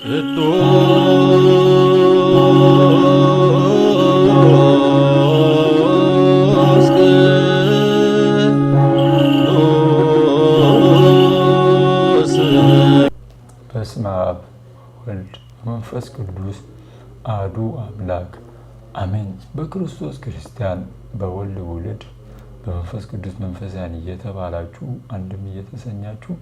በስመ አብ ወልድ መንፈስ ቅዱስ አሐዱ አምላክ አሜን። በክርስቶስ ክርስቲያን በወልድ ውልድ በመንፈስ ቅዱስ መንፈሳን እየተባላችሁ አንድም እየተሰኛችሁ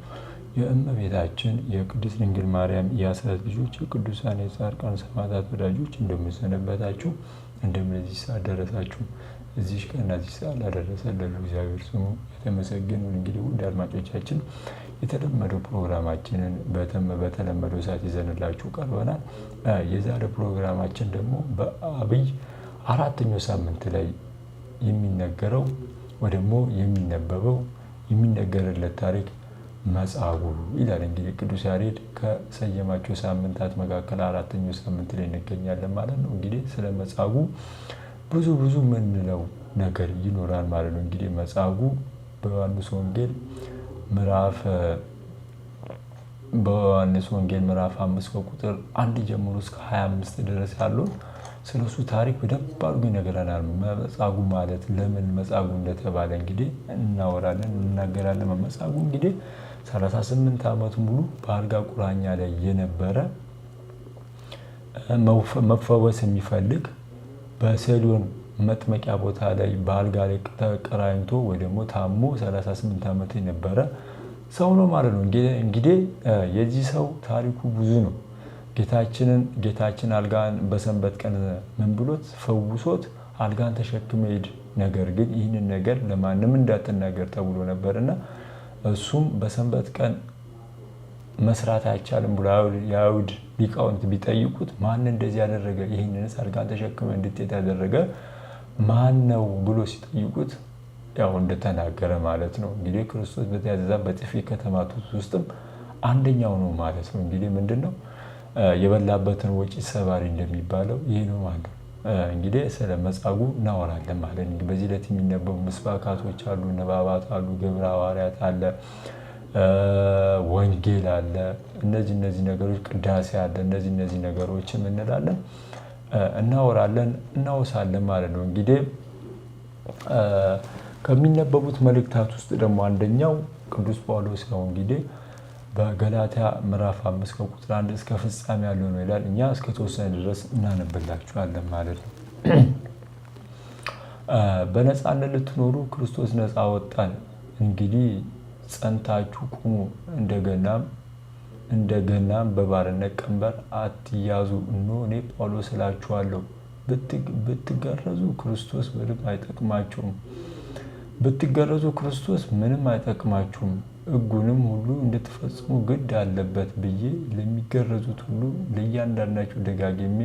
የእመቤታችን የቅድስት ድንግል ማርያም የአስራት ልጆች የቅዱሳን የጻድቃን ሰማዕታት ወዳጆች እንደምንሰነበታችሁ እንደምንዚህ ሰዓት ደረሳችሁ። እዚህ ቀን እዚህ ሰዓት ለሉ እግዚአብሔር ስሙ የተመሰገነ ይሁን። እንግዲህ ውድ አድማጮቻችን የተለመደው ፕሮግራማችንን በተለመደው ሰዓት ይዘንላችሁ ቀርበናል። የዛሬ ፕሮግራማችን ደግሞ በአብይ አራተኛው ሳምንት ላይ የሚነገረው ወደሞ የሚነበበው የሚነገርለት ታሪክ መጻጉዕ ይላል። እንግዲህ ቅዱስ ያሬድ ከሰየማቸው ሳምንታት መካከል አራተኛው ሳምንት ላይ እንገኛለን ማለት ነው። እንግዲህ ስለ መጻጉዕ ብዙ ብዙ ምንለው ነገር ይኖራል ማለት ነው። እንግዲህ መጻጉዕ በዮሐንስ ወንጌል ምዕራፍ በዮሐንስ ወንጌል ምዕራፍ አምስት ከቁጥር አንድ ጀምሮ እስከ 25 ድረስ ያለውን ስለ እሱ ታሪክ በደንብ አድርጎ ይነግረናል። መጻጉዕ ማለት ለምን መጻጉዕ እንደተባለ እንግዲህ እናወራለን፣ እንናገራለን። መጻጉዕ እንግዲህ 38 ዓመት ሙሉ በአልጋ ቁራኛ ላይ የነበረ መፈወስ የሚፈልግ በሰሊሆን መጥመቂያ ቦታ ላይ በአልጋ ላይ ተቀራኝቶ ወይ ደግሞ ታሞ 38 ዓመት የነበረ ሰው ነው ማለት ነው። እንግዲህ የዚህ ሰው ታሪኩ ብዙ ነው። ጌታችንን ጌታችን አልጋን በሰንበት ቀን ምን ብሎት ፈውሶት አልጋን ተሸክመ ሄድ። ነገር ግን ይህንን ነገር ለማንም እንዳትናገር ተብሎ ነበርና እሱም በሰንበት ቀን መስራት አይቻልም ብሎ የአይሁድ ሊቃውንት ቢጠይቁት ማን እንደዚህ ያደረገ ይህንን ጻድቃን ተሸክመ እንድትሄድ ያደረገ ማን ነው ብሎ ሲጠይቁት ያው እንደተናገረ ማለት ነው። እንግዲህ ክርስቶስ በተያዘዛ በጥፊ ከተመቱት ውስጥም አንደኛው ነው ማለት ነው። እንግዲህ ምንድን ነው የበላበትን ወጪ ሰባሪ እንደሚባለው ይህ ነው ማለት ነው። እንግዲህ ስለ መጻጉዕ እናወራለን ማለት ነው። በዚህ ዕለት የሚነበቡ ምስባካቶች አሉ፣ ንባባት አሉ፣ ግብረ ሐዋርያት አለ፣ ወንጌል አለ። እነዚህ እነዚህ ነገሮች ቅዳሴ አለ። እነዚህ እነዚህ ነገሮችም እንላለን እናወራለን እናወሳለን ማለት ነው። እንግዲህ ከሚነበቡት መልእክታት ውስጥ ደግሞ አንደኛው ቅዱስ ጳውሎስ ነው እንግዲህ በገላትያ ምዕራፍ አምስት ከቁጥር አንድ እስከ ፍጻሜ ያለው ነው ይላል። እኛ እስከ ተወሰነ ድረስ እናነብላችኋለን ማለት ነው። በነፃነት ልትኖሩ ክርስቶስ ነፃ ወጣን። እንግዲህ ጸንታችሁ ቁሙ፣ እንደገናም እንደገናም በባርነት ቀንበር አትያዙ። እኖ እኔ ጳውሎስ እላችኋለሁ ብትገረዙ ክርስቶስ ምንም አይጠቅማችሁም። ብትገረዙ ክርስቶስ ምንም አይጠቅማችሁም። ሕጉንም ሁሉ እንድትፈጽሙ ግድ አለበት ብዬ ለሚገረዙት ሁሉ ለእያንዳንዳችሁ ደጋግሜ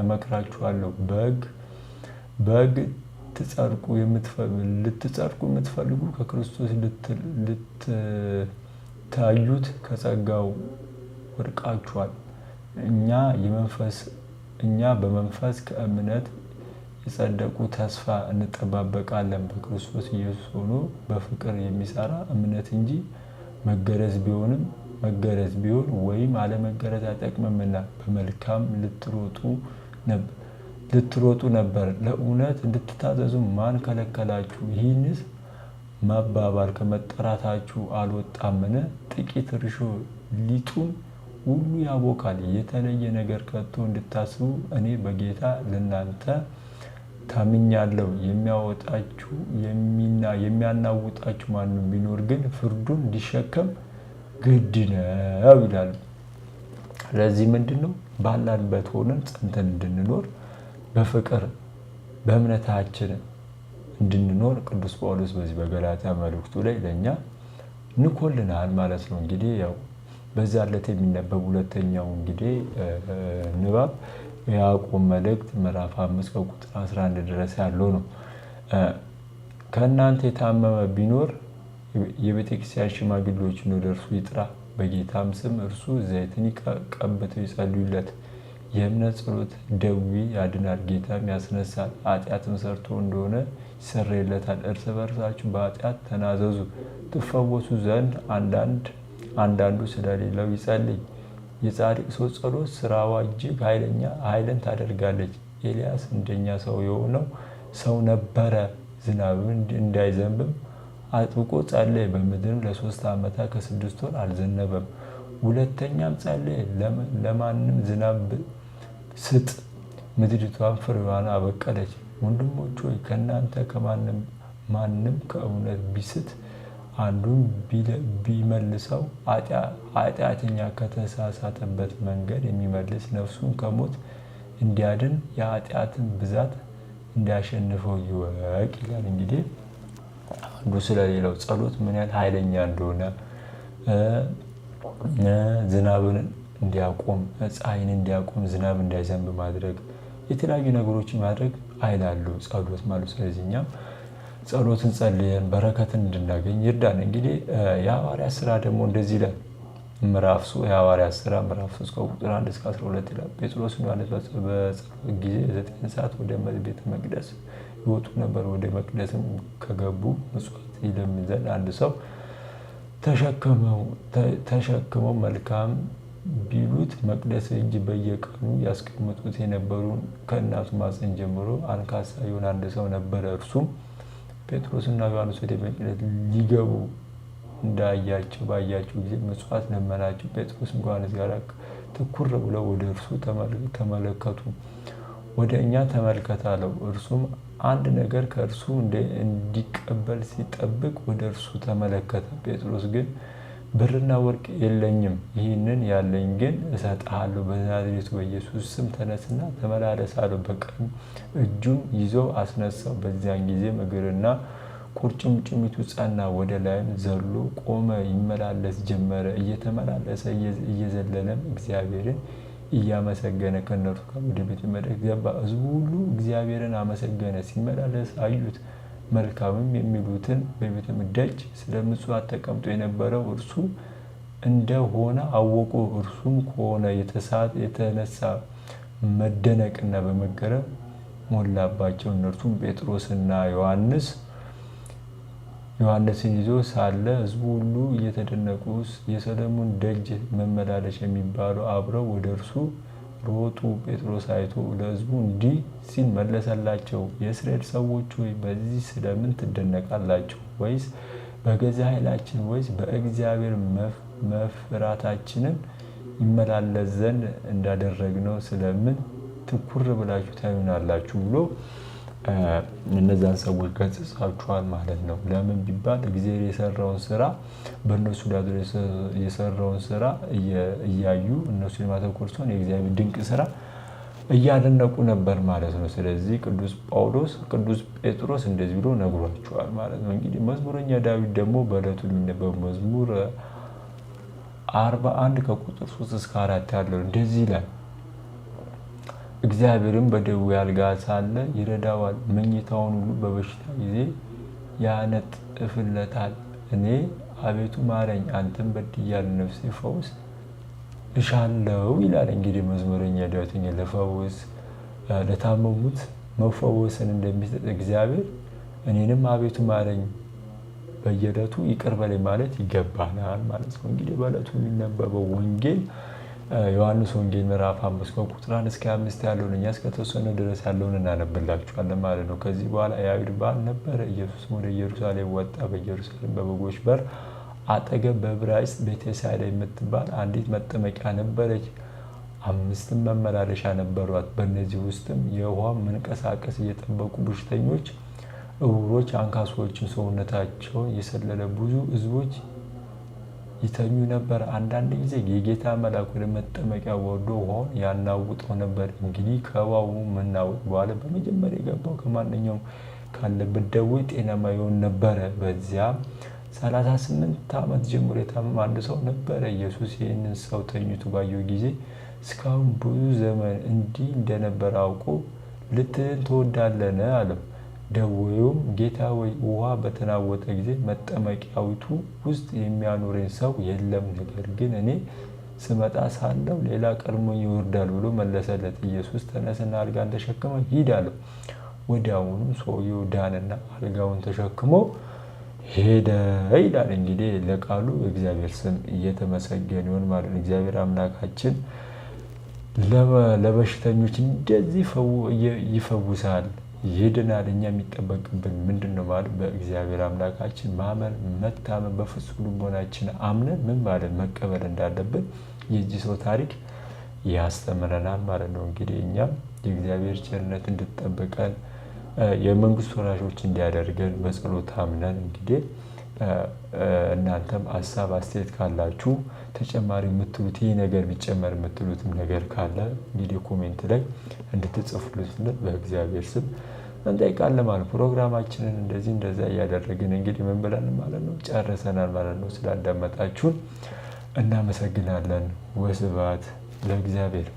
እመክራችኋለሁ። በሕግ በሕግ ልትጸድቁ የምትፈልጉ ከክርስቶስ ልትታዩት ከጸጋው ወድቃችኋል። እኛ በመንፈስ ከእምነት የጸደቁ ተስፋ እንጠባበቃለን። በክርስቶስ ኢየሱስ ሆኖ በፍቅር የሚሰራ እምነት እንጂ መገረዝ ቢሆንም መገረዝ ቢሆን ወይም አለመገረዝ አይጠቅምምና በመልካም ልትሮጡ ነበር፣ ለእውነት እንድትታዘዙ ማን ከለከላችሁ? ይህንስ ማባባል ከመጠራታችሁ አልወጣምን? ጥቂት እርሾ ሊጡን ሁሉ ያቦካል። የተለየ ነገር ከቶ እንድታስቡ እኔ በጌታ ለእናንተ ታምኛለሁ። የሚያወጣችሁ የሚያናውጣችሁ ማንም ቢኖር ግን ፍርዱን እንዲሸከም ግድ ነው ይላል። ስለዚህ ምንድን ነው ባላንበት ሆነን ጸንተን እንድንኖር በፍቅር በእምነታችን እንድንኖር ቅዱስ ጳውሎስ በዚህ በገላትያ መልእክቱ ላይ ለእኛ ንኮልናል ማለት ነው። እንግዲህ ያው በዛ ዕለት የሚነበብ ሁለተኛው እንግዲህ ንባብ የያዕቆብ መልእክት ምዕራፍ 5 ከቁጥር 11 ድረስ ያለው ነው። ከእናንተ የታመመ ቢኖር የቤተክርስቲያን ሽማግሌዎችን ወደ እርሱ ይጥራ፣ በጌታም ስም እርሱ ዘይትን ቀብተው ይጸልዩለት። የእምነት ጸሎት ደዌ ያድናል፣ ጌታም ያስነሳል። ኃጢአትም ሰርቶ እንደሆነ ይሰረይለታል። እርስ በርሳችሁ በኃጢአት ተናዘዙ፣ ትፈወሱ ዘንድ አንዳንዱ ስለሌላው ይጸልይ። የጻድቅ ሰው ጸሎት ስራዋ እጅግ ኃይለኛ ኃይልን ታደርጋለች። ኤልያስ እንደኛ ሰው የሆነው ሰው ነበረ። ዝናብ እንዳይዘንብም አጥብቆ ጸለየ። በምድርም ለሶስት ዓመታት ከስድስት ወር አልዘነበም። ሁለተኛም ጸለየ፣ ለማንም ዝናብ ስጥ፣ ምድሪቷን ፍሬዋን አበቀለች። ወንድሞች ሆይ ከእናንተ ከማንም ማንም ከእውነት ቢስት አንዱን ቢመልሰው ኃጢአተኛ ከተሳሳተበት መንገድ የሚመልስ ነፍሱን ከሞት እንዲያድን የኃጢአትን ብዛት እንዲያሸንፈው ይወቅ ይላል። እንግዲህ አንዱ ስለሌላው ጸሎት ምን ያህል ኃይለኛ እንደሆነ ዝናብን እንዲያቆም ፀሐይን እንዲያቆም ዝናብ እንዳይዘንብ ማድረግ የተለያዩ ነገሮችን ማድረግ ኃይል አለው ጸሎት ማለት ስለዚህ እኛም ጸሎትን ጸልየን በረከትን እንድናገኝ ይርዳን። እንግዲህ የሐዋርያ ስራ ደግሞ እንደዚህ ይላል። ምዕራፍ የሐዋርያ ስራ ምዕራፍ ሶስት ከቁጥር አንድ እስከ አስራ ሁለት ይላል። ጴጥሮስ ዮሐንስ በጸሎት ጊዜ ዘጠኝ ሰዓት ወደ ቤተ መቅደስ ይወጡ ነበር። ወደ መቅደስም ከገቡ ምጽዋት ይለምን ዘንድ አንድ ሰው ተሸክመው መልካም ቢሉት መቅደስ እጅ በየቀኑ ያስቀምጡት የነበሩ ከእናቱ ማፀን ጀምሮ አንካሳ የሆነ አንድ ሰው ነበረ እርሱም ጴጥሮስና ዮሐንስ ወደ መቅደስ ሊገቡ እንዳያቸው ባያቸው ጊዜ ምጽዋት ለመናቸው። ጴጥሮስ ከዮሐንስ ጋር ትኩር ብለው ወደ እርሱ ተመለከቱ። ወደ እኛ ተመልከት አለው። እርሱም አንድ ነገር ከእርሱ እንዲቀበል ሲጠብቅ ወደ እርሱ ተመለከተ። ጴጥሮስ ግን ብርና ወርቅ የለኝም፣ ይህንን ያለኝ ግን እሰጥሃለሁ። በናዝሬቱ በኢየሱስ ስም ተነስና ተመላለስ አለው። በቀኝ እጁም ይዞ አስነሳው። በዚያን ጊዜም እግርና ቁርጭምጭሚቱ ጸና፣ ወደ ላይም ዘሎ ቆመ፣ ይመላለስ ጀመረ። እየተመላለሰ እየዘለለም እግዚአብሔርን እያመሰገነ ከእነርሱ ጋር ወደ ቤተ መቅደስ ገባ። ሕዝቡ ሁሉ እግዚአብሔርን አመሰገነ፣ ሲመላለስ አዩት። መልካምም የሚሉትን በቤተ ምደጅ ስለ ምጽዋት ተቀምጦ የነበረው እርሱ እንደሆነ አወቁ። እርሱም ከሆነ የተነሳ መደነቅና በመገረም ሞላባቸው። እነርሱም ጴጥሮስና ዮሐንስ ዮሐንስን ይዞ ሳለ ሕዝቡ ሁሉ እየተደነቁ የሰለሞን ደጅ መመላለሽ የሚባሉ አብረው ወደ እርሱ ሮጡ። ጴጥሮስ አይቶ ለሕዝቡ እንዲህ ሲል መለሰላቸው፣ የእስራኤል ሰዎች ሆይ በዚህ ስለምን ትደነቃላችሁ? ወይስ በገዛ ኃይላችን ወይስ በእግዚአብሔር መፍራታችንን ይመላለስ ዘንድ እንዳደረግነው ስለምን ትኩር ብላችሁ ታዩናላችሁ? ብሎ እነዛን ሰዎች ገስጻቸዋል ማለት ነው። ለምን ቢባል እግዚአብሔር የሰራውን ስራ በእነሱ ዳዶ የሰራውን ስራ እያዩ እነሱ የማተኮር ሲሆን የእግዚአብሔር ድንቅ ስራ እያደነቁ ነበር ማለት ነው። ስለዚህ ቅዱስ ጳውሎስ ቅዱስ ጴጥሮስ እንደዚህ ብሎ ነግሯቸዋል ማለት ነው። እንግዲህ መዝሙረኛ ዳዊት ደግሞ በእለቱ የሚነበብ መዝሙር አርባ አንድ ከቁጥር ሶስት እስከ አራት ያለው እንደዚህ ይላል እግዚአብሔርም በደዌ አልጋ ሳለ ይረዳዋል፣ መኝታውን ሁሉ በበሽታ ጊዜ ያነጥፍለታል። እኔ አቤቱ ማረኝ፣ አንተም በድያል ነፍሴ ፈውስ እሻለው ይላል። እንግዲህ መዝሙረኛ ዳዊት ለፈውስ ለታመሙት መፈወስን እንደሚሰጥ እግዚአብሔር እኔንም አቤቱ ማረኝ፣ በየዕለቱ ይቅር ማለት ይገባናል ማለት ነው። እንግዲህ በዕለቱ የሚነበበው ወንጌል ዮሐንስ ወንጌል ምዕራፍ አምስት ከቁጥር አንድ እስከ አምስት ያለውን እኛ እስከተወሰነ ድረስ ያለውን እናነብላችኋለን ማለት ነው። ከዚህ በኋላ የአይሁድ በዓል ነበረ። ኢየሱስም ወደ ኢየሩሳሌም ወጣ። በኢየሩሳሌም በበጎች በር አጠገብ በዕብራይስጥ ቤተሳይዳ የምትባል አንዲት መጠመቂያ ነበረች። አምስትም መመላለሻ ነበሯት። በእነዚህ ውስጥም የውሃ መንቀሳቀስ እየጠበቁ በሽተኞች፣ እውሮች፣ አንካሶችን፣ ሰውነታቸውን የሰለለ ብዙ ህዝቦች ይተኙ ነበር። አንዳንድ ጊዜ የጌታ መልአክ ወደ መጠመቂያ ወርዶ ውሃውን ያናውጠው ነበር። እንግዲህ ከባቡ መናወጥ በኋላ በመጀመሪያ የገባው ከማንኛውም ካለበት ደዌ ጤናማ ይሆን ነበረ። በዚያም 38 ዓመት ጀምሮ የታመመ አንድ ሰው ነበረ። ኢየሱስ ይህንን ሰው ተኝቶ ባየው ጊዜ እስካሁን ብዙ ዘመን እንዲህ እንደነበረ አውቆ ልትድን ትወዳለህን? አለው። ደውዩም ጌታ ወይ ውሃ በተናወጠ ጊዜ መጠመቂያዊቱ ውስጥ የሚያኖረኝ ሰው የለም፣ ነገር ግን እኔ ስመጣ ሳለው ሌላ ቀድሞ ይወርዳል ብሎ መለሰለት። ኢየሱስ ተነስና አልጋን ተሸክመ ሂድ አለው። ወዲያውኑም ሰውየው ዳንና አልጋውን ተሸክሞ ሄደ ይላል። እንግዲህ ለቃሉ እግዚአብሔር ስም እየተመሰገን ይሆን ማለት ነው። እግዚአብሔር አምላካችን ለበሽተኞች እንደዚህ ይፈውሳል። ይድናል። እኛ የሚጠበቅብን ምንድን ነው ማለት በእግዚአብሔር አምላካችን ማመን መታመን፣ በፍጹም ልቦናችን አምነን ምን ማለት መቀበል እንዳለብን የዚህ ሰው ታሪክ ያስተምረናል ማለት ነው። እንግዲህ እኛም የእግዚአብሔር ቸርነት እንድጠበቀን የመንግስት ወራሾች እንዲያደርገን በጸሎት አምነን እንግዲህ እናንተም ሀሳብ አስተያየት ካላችሁ ተጨማሪ የምትሉት ይህ ነገር ቢጨመር የምትሉትም ነገር ካለ እንግዲህ ኮሜንት ላይ እንድትጽፉልት በእግዚአብሔር ስም እንጠይቃለን ማለት ፕሮግራማችንን እንደዚህ እንደዛ እያደረግን እንግዲህ ምን ብለን ማለት ነው ጨርሰናል ማለት ነው። ስላዳመጣችሁን እናመሰግናለን። ወስብሐት ለእግዚአብሔር።